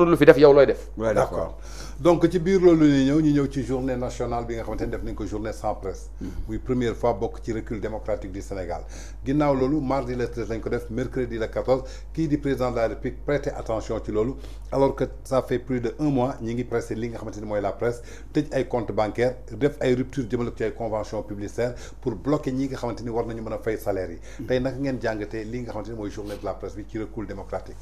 am na def yow d'accord. donc ci biir loolu nous ñëw ñu ñëw ci journée nationale bi nga journée sans presse. Oui, mm-hmm. première fois bokk ci recul démocratique du Sénégal ginnaaw loolu mardi le treize lañ ko def mercredi le 14, di président de la République prêtez attention à loolu alors que ça fait plus de un mois nous avons pressé li nga xamante ne la presse tëj ay compte bancaire def ay rupture de la convention publicitaire pour bloquer ñi nga xamante fait war nañu fay salaire yi. Mm-hmm. nous avons ngeen jàngatee li nga avons ni journée de la presse bi ci recul démocratique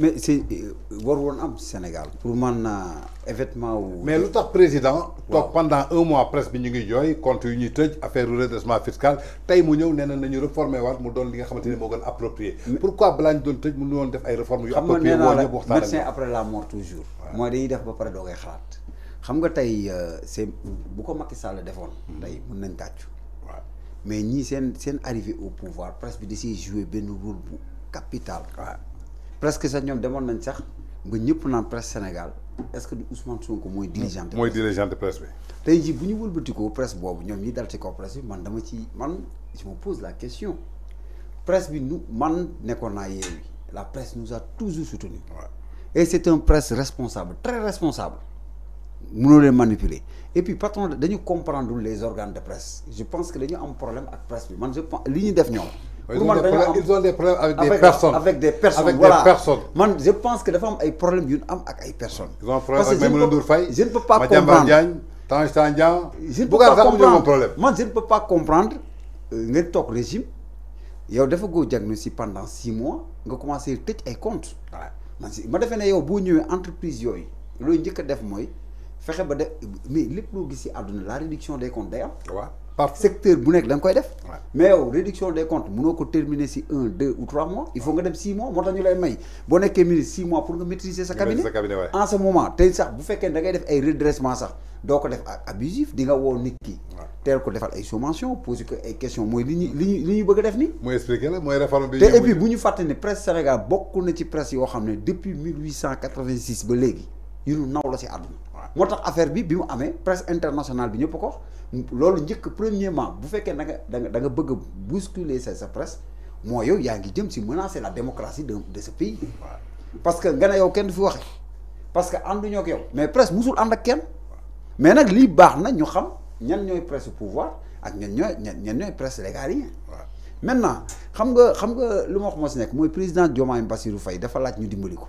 mais c'est euh, war woon am Sénégal pour man euh, événement mais lu président. tok pendant un mois presque bi ñu ngi joy compte yu ñuy tëj affaire redressement fiscal tay mu ñëw nee na nañu réformer waat mu doon li nga xamante mo gën approprié. pourquoi balaa ñu doon tëj mu won def ay réformes yu. approprié woo ñëpp waxtaan médecin après la mort toujours. mooy dañuy def ba paré doo koy xalaat. xam nga tay euh, c'est bu ko Macky Sall defoon. Hmm. tay mën nañ tàccu. mais ñi sen sen arrivé au pouvoir presque bi da jouer ben rôle bu capital presque ça ñoom demoon nañ sax ba ñëpp naan presse Sénégal est-ce que du Ousmane Sonko mooy dirigeant de presse dirigeant de presse oui. tey jii bu ñu wëlbatikoo presse boobu ñoom ñi dal ci kaw presse man dama ci man je me pose la question presse bi nous man qu'on a eu? la presse nous a toujours soutenu et c'est un presse responsable très responsable Nous leen manipuler et puis patron dañu comprendre les organes de presse je pense que dañu am problème avec presse bi man je pense li ñu def ils, ont des, problèmes, avec, des personnes. Avec des personnes. voilà. je pense que les femmes ont des problèmes avec des personnes. Ils ont des problèmes avec Je ne peux pas comprendre. Je euh, ne peux pas comprendre. Moi, je ne peux pas comprendre. régime. Vous avez fait pendant 6 mois. Vous commencé à être des comptes. que si entreprise mais la réduction des comptes par secteur bu nek dang koy def. mais yow réduction des comptes mënoo ko terminer ci 1 2 ou 3 mois. il faut nga dem 6 mois moo ñu lay may bo nekkee ministre 6 mois pour nga maîtriser sa cabinet en ce moment tay sax bu fekkee da ngay def ay redressement sax do ko def abusif di nga woo nit ki. teel ko defal ay sommation poser que ay question moy li ñu li ñu bëgg def ni moy expliquer la moy réforme bi. té et puis bu ñu fàtte ne presse Sénégal bokku na ci presse yo xamné depuis 1886 ba légui yu ñu naw la si àdduna moo affaire bi bi mu amee presse internationale bi ñëpp ko lolu njëkk premièrement bu fekkee da nga da nga bëgg a bousculer sa presse moy yow ya ngi jëm ci menacer la démocratie de de ce pays. parce que nga yow kenn du fi waxe parce que andu ñok yow. mais presse musul and ak kenn. mais nak li bax na ñu xam ñan ñoy presse pouvoir ak ñan ñoy ñan ñoy presse légaliens. maintenant xam nga xam nga luma wax mo si nekk mooy président Diomaye Bassirou Faye dafa laaj ñu dimbali ko.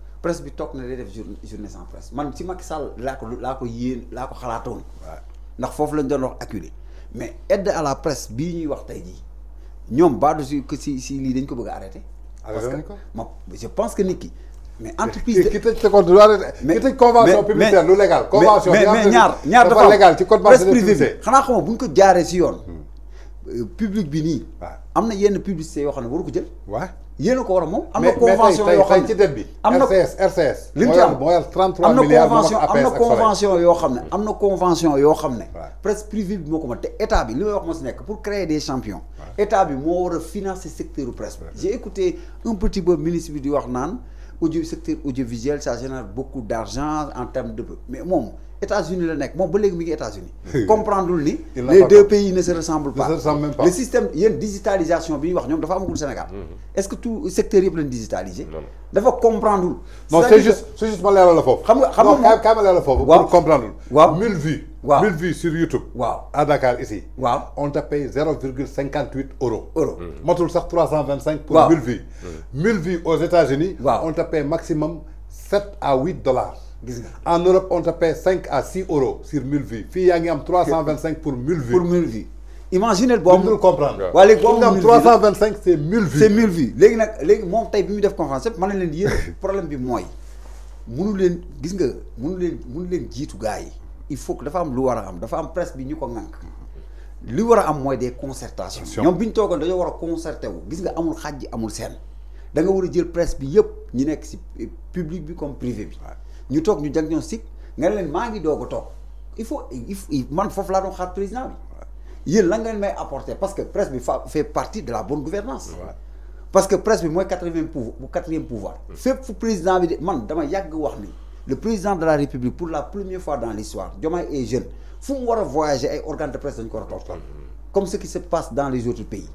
presse bi tok na def presse man pas ko ko ko ndax lañ mais aide à la presse wax dañ ko bëgg je pense que mais entreprise mais convention légal. convention mais ñaar ñaar dafa légal presse privée xana buñ ko hmm. public bi ni amna publicité waru ko jël yéen a ko war a moom. am na convention yoo xam ne ci bi. am na RCS RCS. li mu ci am booyal 33 milliards am na convention yoo xam ne am na convention yoo xam ne. presse privée bi moo ko mën te état bi li may wax ma si nekk pour créer des champions. état bi moo war a financer secteur presse bi. j'ai écouté un petit peu ministre bi di wax naan audio secteur audiovisuel ça génère beaucoup d'argent en termes de mais moom. États-Unis la nekk moom ba léegi mi ngi États-Unis comprendre ni les deux pays ne se ressemblent pas le système une digitalisation bi ñuy wax ñoom dafa amagul Sénégal mhm. est-ce que tout secteur yëpp digitalisé digitaliser dafa comprendre non c'est juste c'est juste ma leeral la foofu xam nga xam nga kaay ma la pour comprendre lul mille vues mille vues sur YouTube à Dakar ici on te paye zéro virgule cinquante huit euros euro mhm. le sax trois cent vingt cinq pour mille vues mhm. mille vues aux États-Unis on te paye maximum sept à huit dollars en Europe, on te paie 5 à 6 euros sur 1000 vies. Fille, il y a 325 pour 1000 vies. Pour 1000 vies. Imaginez le bon. Vous comprendre. Ouais, les 325, c'est 1000 vies. C'est 1000 vues. Les gens qui ont conférence, le problème est moi. Munu len gis nga munu len jitu gaay il faut que dafa am lu wara am dafa am presse bi ñuko ngank li wara am moy des concertations ñom biñ togon dañu wara concerter wu gis nga amul xajji amul sen da nga wara jël presse bi yépp ñi nek ci public bi comme privé bi nous avons ñu diagnostic nous avons un président il faut que nous laa faire un président Il la ngeen may apporter parce que presse fait partie de la bonne gouvernance parce que la presse est le quatrième pouvoir président le président de la république pour la première fois dans l'histoire il est jeune il mu voyager organes de presse encore mm-hmm. comme ce qui se passe dans les autres pays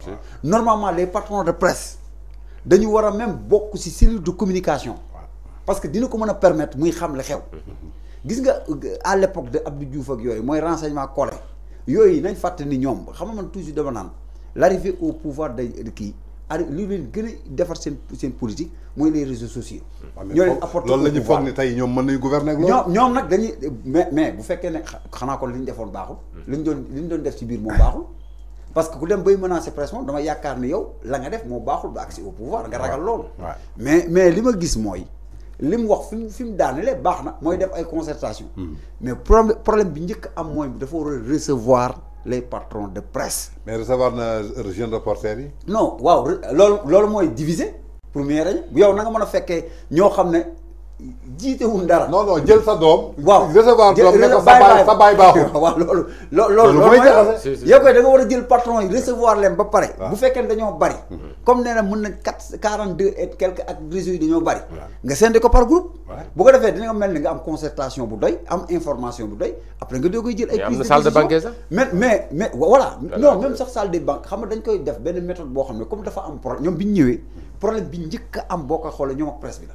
normalement les patrons de presse nous avons même beaucoup de cellules de communication parce que dina ko meuna permettre muy xam la xew. gis nga à l'époque de Abdou Diouf ak yoy moy renseignement collé yoy nañ faté ni ñom xam man toujours dama naan l'arrivée au pouvoir de kii. ar lu leen gën a defar sen seen politique moy les réseaux sociaux. Ah, ñoo leen apporté loolu la ñu foog ni tey ñoom mën nañu gouverner ak loolu. ñoom ñoom dañuy mais mais bu fekkee ne xana kon liñ ñu defoon baaxul. Hmm. liñ ñu doon li ñu doon def ci biir mo baaxul. parce que ku dem bay menacer pression dama yakkar ni yow la nga def mo baaxul ba accès au pouvoir nga ragal lool mais mais lima gis moy li wax fim mu fi mu daanelee def ay concertation hmm. mais problème bi ñëk am moy dafa recevoir les patrons de presse. mais recevoir na jeune reporter yi. non waaw lool lool moy diviser pour mieux yow na nga mëna féké ño xamné jiitewul dara. non non jël sa dom recevoir dom ne ko sa baay sa baay baaxul. waaw loolu. loolu loolu mooy yow da nga wara a jël patron yi recevoir leen ba paré bu fekkene ne dañoo bari. Mhm. comme néna mën na quatre quarante et quelques ak réseau yi dañoo bari. nga séntu ko par groupe. bu ko défé dina mel ni nga am concertation bu doy am information bu doy après nga doo koy jël. ay prise am salle de banque sax. mais mais mais voilà. non même sax salle de banque xam nga dañ koy def ben méthode bo xamné comme dafa am problème ñom bi ñëwé problème bi njëkk am boko ko ñom ak presse bi la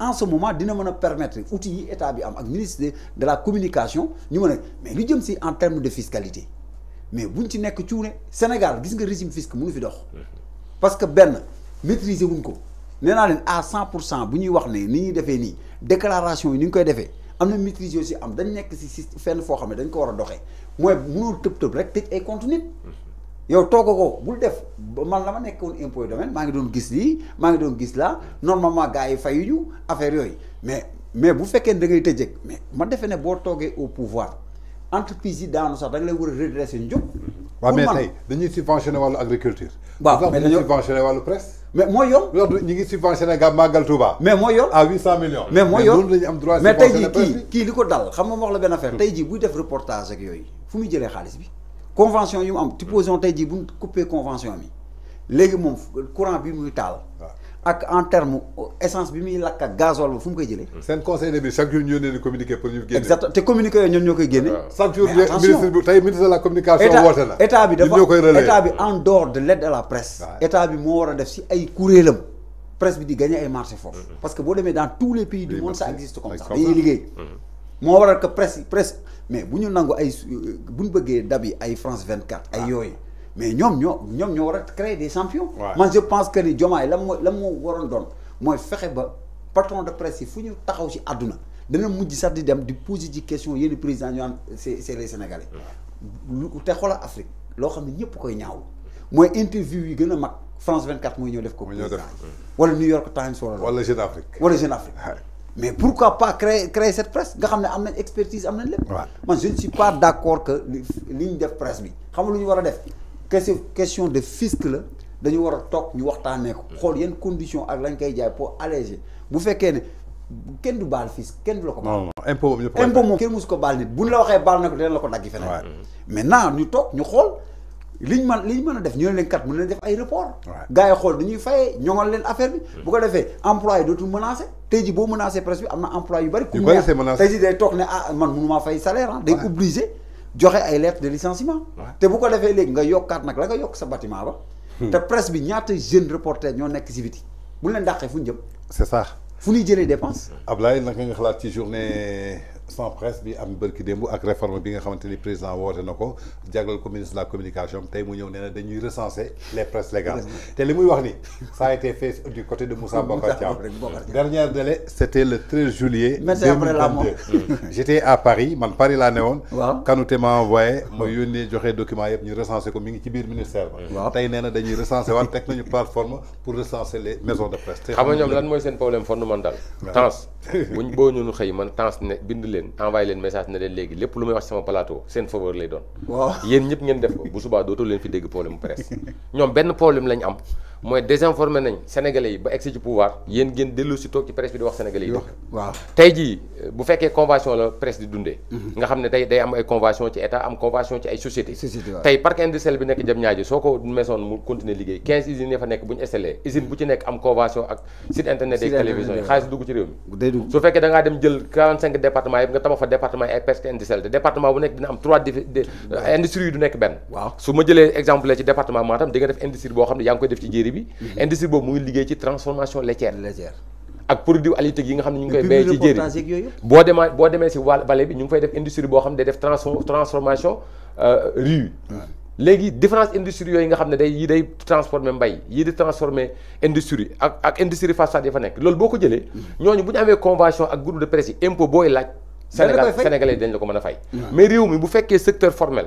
en ce moment dina mën permettre outils yi état bi am ak ministre de la communication ñu mën mais lu jëm ci en terme de fiscalité mais buñ ci nekk cuune Sénégal gis nga régime fiscal, mënu fi dox parce que ben maîtriser wuñ ko nee à 100%, pour bu ñuy wax né ni ñi défé ni déclaration yi ni ñu koy défé amna na maîtrise yoo si am dañ nek ci fenn fo xamné dañ ko wara doxé moy mënu mënoo tëb rek tej ay compte nit yow tooga ko bul def man la ma nekkoon impôt domaine maa ngi doon gis lii maa ngi doon gis laa normalement gars yi fayuñu affaire yooyu mais mais bu fekkee da ngay tëjee mais ma defee ne boo toogee au pouvoir entreprise yi daanu sax da nga leen war a redresser njub. waaw mais tey dañuy subventionné wàllu agriculture. waaw mais dañuy subventionné wàllu presse. mais ñu ngi subventionné ga Magal Touba. mais mooy yoon à huit mais mooy yoon mais loolu la ñu am droit. subventionné presse mais tey jii kii kii li nga ma wax la benn affaire. Hmm. tey def reportage ak yooyu fu muy jëlee xaalis bi. convention yu mu am supposons tay di bu couper convention bi légui mom courant bi muy tal ak en terme essence bi muy lakk gasoil bi fu mu koy jëlee. seen conseil des ministres chaque jour ñëne ni communiqué pour ñu génne. exact te communiquer ñun ñokay ñoo chaque jour ministre bi tey ministre de la communication woote na. état bi dafa état bi en dehors de l'aide de la presse. état bi mo wara def si ay kuréelam. presse bi di gagner ay marché fort. Mm-hmm. parce que bo démé dans tous les pays du monde ça existe comme ça. dañuy liggéey mo mm-hmm. wara que presse presse mais si nangu ay euh, buñu bëggé dab France 24 ah. mais ñoo créer des champions je pense que ni Diomaye lam la patron de presse fuñu taxaw ci poser ci question yene président ñu c'est les Sénégalais té xola Afrique lo xamni ñepp interview yi France 24 moy ñeu def ko wala New York Times wala Afrique mais pourquoi pas créer créer cette presse nga xam ne am expertise am nañ man je ne suis pas d'accord que li ñu def presse bi xam nga lu ñu war a question de fisc la dañu war a toog ñu waxtaanee ko. xool yenn condition ak lañ koy jaay pour alléger bu fekkee ne kenn du baal fisc kenn du la ko baal. non impôt moom kenn mosu ko baal nit bu ñu la waxee baal na ko dinañ la ko dagg feneen. maintenant ñu toog ñu xool liñ man liñ mëna def ñu leen kat mëna def ay report gaay xol xool dañuy fayee ñoŋal leen affaire bi bu ko défé emploi yi dootul menacé tey ji bo menacer presse bi amna na emploi yu bari ku tay ji day tok né ah man mënu maa fay salaire ah day obligé joxé ay lettre de licenciement té bu ko défé léegi nga yokkat nak la nga yok sa bâtiment ba hmm. té presse bi ñaata jeune reporter ñoo nekk ci viti bu leen dàqee fu ñu jëm c'est ça fu ñuy jëlé dépenses Ablaye nak nga xalaat ci journée sans presse bi am barki dembu ak réforme bi nga xamanteni président woote nako jagal ko ministre de la communication tay mu ñew nee na dañuy recenser les presses légales té limuy wax ni ça a été fait du côté de Moussa Bocar Thiam dernier délai c'était le 13 juillet 2022 J'étais à Paris man Paris la néon. Quand Kanouté m'a envoyé ma yónnee joxe document yépp ñu recenser ko mi ngi ci biir ministère tay tey na dañuy recenser waat teg nañu plateforme pour recenser les maisons de presse xam nga ñom lan moy sen problème fondamental tans buñ boo ñu xey man tans ne bind leen leen message ne leen léegi lépp lu may wax sama plateau seen faveur lay doon. waaw yéen ñëpp ngeen def ko bu subaa dootoo leen fi dégg problème mu presse ñoom benn problème lañ am. mooy désinformé nañ sénégalais yi ba egsi pouvoir yéen ngeen dellu toog ci presse di wax sénégalais yi. waaw tey jii euh, bu fekkee convention la presse di dundee. Mhm. nga xam ne tey day am convention ci état am convention ci ay société tey parc industriel bi nekk Diamniadio soo ko mesoon mu continuer liggéey 15 usines ya fa nekk bu ñu usine bu ci nekk am convention ak site internet ak télévision yi xaalis dugg ci réew mi. su fekkee da dem jël 45 industrie bi. Mhm. industrie boobu mu ngi liggéey ci transformation laitière. laitière ak produits halieutiques yi nga xam ñu ngi koy. béy ci jëri bo demee boo demee si vallée bi ñu ngi fay def industrie bo xam ne day def transformation euh riz. légui différence industrie yoy nga xam day yi day transformer mbay yi di transformer industrie ak ak industrie façade yi fa nekk loolu boo ko jëlee. Mhm. ñooñu bu convention ak groupe de presse yi impôt booy laaj. Sénégal sénégalais dañ la ko mëna fay. mais réew mi bu fekkee secteur formel.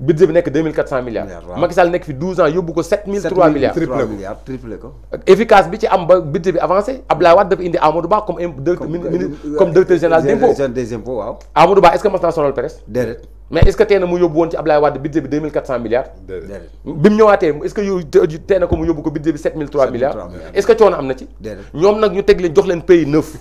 budget bi nekk deux mille quatre cent milliards. Macky nekk fi douze ans yóbbu ko sept mille trois milliards. triplé ko triplé bi ci am ba budget bi avancé Abdoulaye Wade dafa indi Amadou Ba comme euh, euh, comme directeur euh, général des impôts waaw. Amadou Ba est-ce que mas naa sonal presse. deux mille quatre cent milliards. bi mu ñëwaatee est-ce ko mu yóbbu ko budget bi sept mille trois milliards. est-ce am na ci. ñoom nag ñu teg leen jox leen pays neuf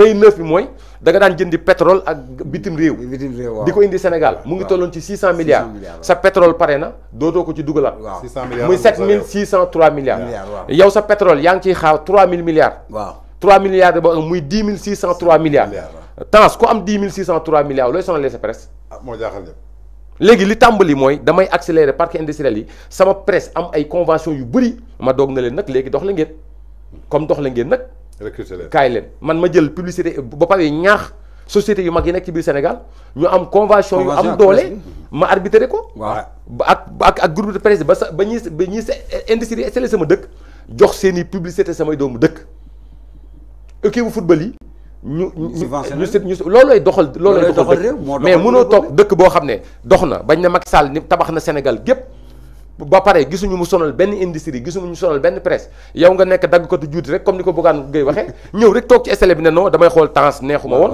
pays neuf bi mooy da nga daan jëndi pétrole ak bitim réew. bitim réew di indi Sénégal mu ngi tollon ci 600 milliards. sa pétrole paréna doto ko ci dugalaat. 600 milliards muy 7603 milliards. yow sa pétrole yang ci xaar 3000 milliards. waaw 3 milliards ba muy 10 milliards. tans ko am 10 603 milliards looy sonalee sa presse. Ah, moo jaaxal ñëpp. léegi li tambali moy damay accélérer parc industriel yi sama presse am ay convention yu bëri ma dog na len nak légui dox la ngeen comme dox la ngeen nak recruter leen man ma jël publicité ba pare ñaax société yu mag yi nek ci biir Sénégal ñu am convention yu am doole ma arbitrer ko. waaw ak ak ak groupe de presse ba ba ñi ba ñuy industrie installé sama dëkk jox seen publicité samay doomu dëkk équipe bu football yi. ñu ñu si doxal. loolooy doxal mais mëno tok dëkk bo xamné doxna bañ na Macky Sall ni tabax na Sénégal gep ba pare gisuñu mu sonal benn industrie gisuñu mu sonal benn presse yow nga nekk daggkatu juuti rek comme ni ko Bougane Gueye waxee ñëw rek toog ci STL bi ne non damay xool temps neexuma woon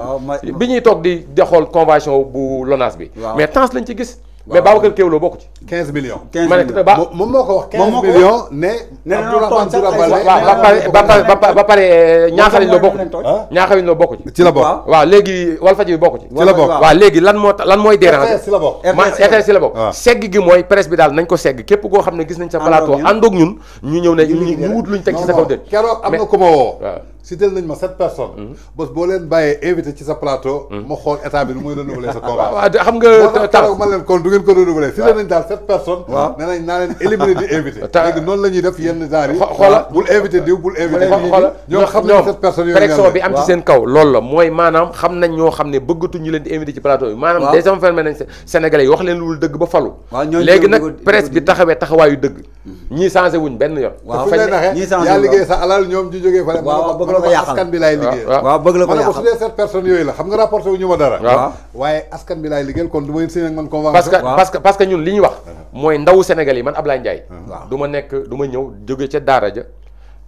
bi ñuy toog di di xool convention bu LONASE bi mais temps lañ ci gis mais Babacar Keulou bokk ci. 15 millions. 15 millions moom moo ko moo ko wax 15 millions ne. nee na doon tooñ sax ay ba pare ba pare eh, ñaaxaliñ la bokk ci. ñaaxaliñ la bokk ci. ci la bokk waaw léegi Walfadjri bi bokk ci. ci la bokk waaw léegi lan moo lan mooy. déranger RTS ci la bokk RTS ci la bokk. Ah. segg gi mooy presse bi daal nañ ko segg képp koo xam ne gis nañ sa plateau àndoog ñu ñëw ne ñu wut luñ teg ci am ko ma cité nañ ma sept personnes. bés bo len baye invité ci sa plateau. ma xol état bi nu muy renouveler sa combat. waaw xam nga taw ma len kon du ngeen ko renouveler. waaw nañ dal sept personnes. né nañ na len éliminer di invité. ta non lañuy def yenn genre xol xoola bul invité diw bul invité. xoola ñoo xam ne sept personnes yooyu pression bi am ci seen kaw lool la moy manam xam nañ ñoo xam ne bëggatu ñu len di invité ci plateau bi. manam des hommes fermés nañ Sénégalais wax len lu dëgg ba falu. légui nak presse bi taxawé taxawayu dëgg ñi changé wuñ ben yoon. waaw ñii changé wuñ yaa liggéey sa alal ñom ju joggé fa la ko yàqal askan bi laay liggéeyal waaw bëgg la ko yàqal ma ne ko su dee sept personnes yooyu la xam nga rapporté wu ñu ma dara waaw waaye askan bi laay liggéeyal kon du ma yén ak man convention parce que parce que ñun li ñuy wax uh-huh. mooy ndawu Sénégal yi man Ablaye Ndiaye waaw du ma nekk du ñëw jóge ca daara ja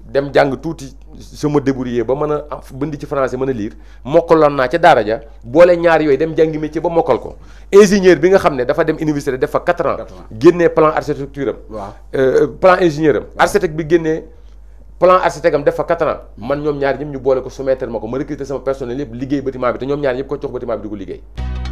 dem jàng tuuti sama débrouillé ba mën a bind ci français mën a lire mokkaloon naa ca daara ja boole ñaar yooyu dem jàngi métier ba mokkal ko ingénieur bi nga xam ne dafa dem université def fa quatre ans génnee plan architecture am euh, euh, plan ingénieur plan architecte am def fa 4 man ñoom ñaar ñëpp ñu boole ko soumettre ma ko ma recruter sama personnel yëpp liggéey bâtiment bi te ñoom ñaar ñëpp ko jox bâtiment bi di ko liggéey